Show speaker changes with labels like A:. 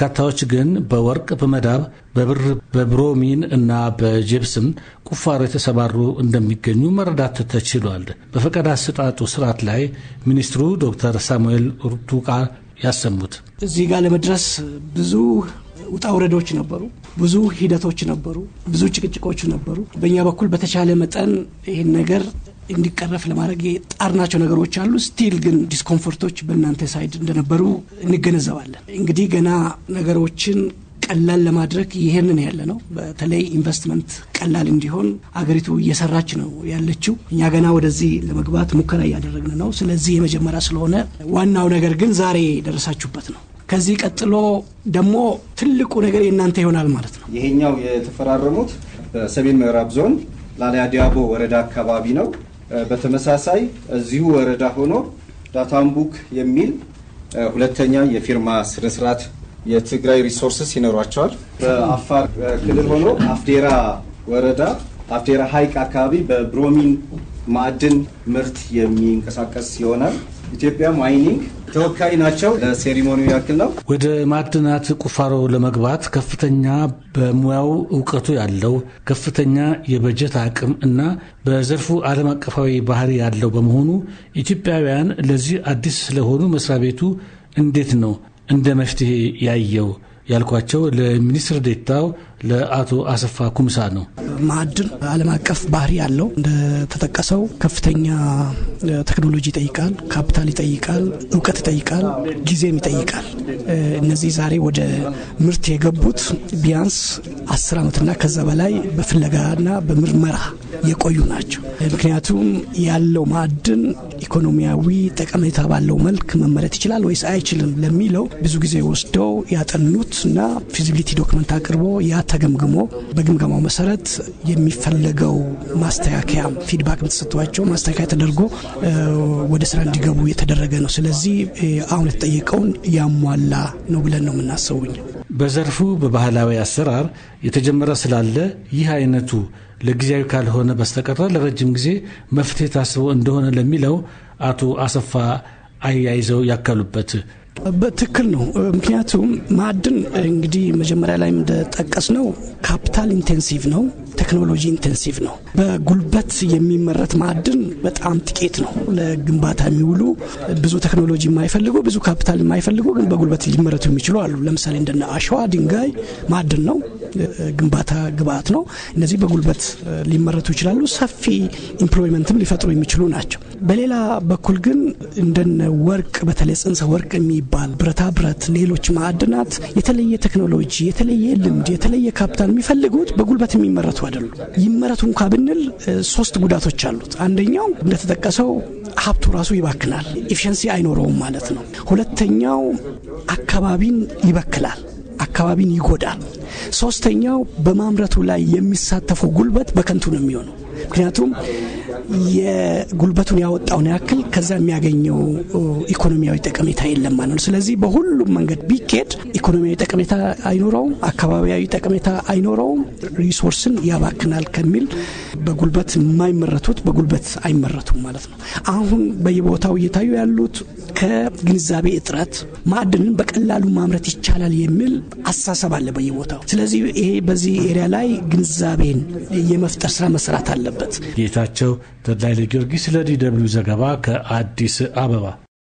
A: በርካታዎች ግን በወርቅ፣ በመዳብ፣ በብር፣ በብሮሚን እና በጅብስም ቁፋሮ የተሰባሩ እንደሚገኙ መረዳት ተችሏል። በፈቃድ አሰጣጡ ስርዓት ላይ ሚኒስትሩ ዶክተር ሳሙኤል ሩቱቃ ያሰሙት
B: እዚህ ጋር ለመድረስ ብዙ ውጣ ውረዶች ነበሩ። ብዙ ሂደቶች ነበሩ። ብዙ ጭቅጭቆች ነበሩ። በእኛ በኩል በተቻለ መጠን ይህን ነገር እንዲቀረፍ ለማድረግ የጣርናቸው ነገሮች አሉ። ስቲል ግን ዲስኮንፎርቶች በእናንተ ሳይድ እንደነበሩ እንገነዘባለን። እንግዲህ ገና ነገሮችን ቀላል ለማድረግ ይሄንን ያለ ነው። በተለይ ኢንቨስትመንት ቀላል እንዲሆን አገሪቱ እየሰራች ነው ያለችው። እኛ ገና ወደዚህ ለመግባት ሙከራ እያደረግን ነው። ስለዚህ የመጀመሪያ ስለሆነ ዋናው ነገር ግን ዛሬ ደረሳችሁበት ነው። ከዚህ ቀጥሎ ደግሞ ትልቁ ነገር የእናንተ ይሆናል ማለት
C: ነው። ይሄኛው የተፈራረሙት በሰሜን ምዕራብ ዞን ላሊያ ዲያቦ ወረዳ አካባቢ ነው። በተመሳሳይ እዚሁ ወረዳ ሆኖ ዳታምቡክ የሚል ሁለተኛ የፊርማ ስነስርዓት የትግራይ ሪሶርስስ ይኖሯቸዋል። በአፋር ክልል ሆኖ አፍዴራ ወረዳ አፍዴራ ሀይቅ አካባቢ በብሮሚን ማዕድን ምርት የሚንቀሳቀስ ይሆናል። ኢትዮጵያ ማይኒንግ ተወካይ ናቸው። ለሴሪሞኒ ያክል ነው።
A: ወደ ማዕድናት ቁፋሮ ለመግባት ከፍተኛ በሙያው እውቀቱ ያለው ከፍተኛ የበጀት አቅም እና በዘርፉ ዓለም አቀፋዊ ባህሪ ያለው በመሆኑ ኢትዮጵያውያን ለዚህ አዲስ ስለሆኑ መስሪያ ቤቱ እንዴት ነው እንደ መፍትሄ ያየው? ያልኳቸው ለሚኒስትር ዴታው ለአቶ አሰፋ ኩምሳ ነው።
B: ማዕድን ዓለም አቀፍ ባህሪ ያለው እንደተጠቀሰው ከፍተኛ ቴክኖሎጂ ይጠይቃል፣ ካፒታል ይጠይቃል፣ እውቀት ይጠይቃል፣ ጊዜም ይጠይቃል። እነዚህ ዛሬ ወደ ምርት የገቡት ቢያንስ አስር ዓመትና ከዛ በላይ በፍለጋና በምርመራ የቆዩ ናቸው። ምክንያቱም ያለው ማዕድን ኢኮኖሚያዊ ጠቀሜታ ባለው መልክ መመረት ይችላል ወይስ አይችልም ለሚለው ብዙ ጊዜ ወስደው ያጠኑት እና ፊዚቢሊቲ ዶክመንት አቅርቦ ያ ተገምግሞ በግምገማው መሰረት የሚፈለገው ማስተካከያ ፊድባክ የተሰጥቷቸው ማስተካከያ ተደርጎ ወደ ስራ እንዲገቡ የተደረገ ነው። ስለዚህ አሁን የተጠየቀውን ያሟላ ነው ብለን ነው
A: የምናስበው። በዘርፉ በባህላዊ አሰራር የተጀመረ ስላለ ይህ አይነቱ ለጊዜያዊ ካልሆነ በስተቀረ ለረጅም ጊዜ መፍትሄ ታስቦ እንደሆነ ለሚለው አቶ አሰፋ አያይዘው ያከሉበት በትክክል ነው።
B: ምክንያቱም ማዕድን እንግዲህ መጀመሪያ ላይም እንደጠቀስ ነው ካፒታል ኢንቴንሲቭ ነው። ቴክኖሎጂ ኢንቴንሲቭ ነው። በጉልበት የሚመረት ማዕድን በጣም ጥቂት ነው። ለግንባታ የሚውሉ ብዙ ቴክኖሎጂ የማይፈልጉ ብዙ ካፒታል የማይፈልጉ ግን በጉልበት ሊመረቱ የሚችሉ አሉ። ለምሳሌ እንደነ አሸዋ ድንጋይ ማዕድን ነው፣ ግንባታ ግብአት ነው። እነዚህ በጉልበት ሊመረቱ ይችላሉ። ሰፊ ኢምፕሎይመንትም ሊፈጥሩ የሚችሉ ናቸው። በሌላ በኩል ግን እንደነ ወርቅ በተለይ ጽንሰ ወርቅ የሚባል ብረታ ብረት፣ ሌሎች ማዕድናት የተለየ ቴክኖሎጂ፣ የተለየ ልምድ፣ የተለየ ካፒታል የሚፈልጉት በጉልበት የሚመረቱ አደ አይደሉም። ይመረቱ እንኳ ብንል ሶስት ጉዳቶች አሉት። አንደኛው እንደተጠቀሰው ሀብቱ ራሱ ይባክናል፣ ኤፊሸንሲ አይኖረውም ማለት ነው። ሁለተኛው አካባቢን ይበክላል፣ አካባቢን ይጎዳል። ሶስተኛው በማምረቱ ላይ የሚሳተፈው ጉልበት በከንቱ ነው የሚሆነው። ምክንያቱም የጉልበቱን ያወጣውን ያክል ከዛ የሚያገኘው ኢኮኖሚያዊ ጠቀሜታ የለም ማለት ነው። ስለዚህ በሁሉም መንገድ ቢኬድ ኢኮኖሚያዊ ጠቀሜታ አይኖረውም፣ አካባቢያዊ ጠቀሜታ አይኖረውም፣ ሪሶርስን ያባክናል ከሚል በጉልበት የማይመረቱት በጉልበት አይመረቱም ማለት ነው። አሁን በየቦታው እየታዩ ያሉት ከግንዛቤ እጥረት ማዕድንን በቀላሉ ማምረት ይቻላል የሚል አሳሰብ አለ በየቦታው። ስለዚህ ይሄ በዚህ ኤሪያ ላይ ግንዛቤን
A: የመፍጠር ስራ መሰራት አለ አለበት። ጌታቸው ተድላይ ለጊዮርጊስ ለዲ ደብልዩ ዘገባ ከአዲስ አበባ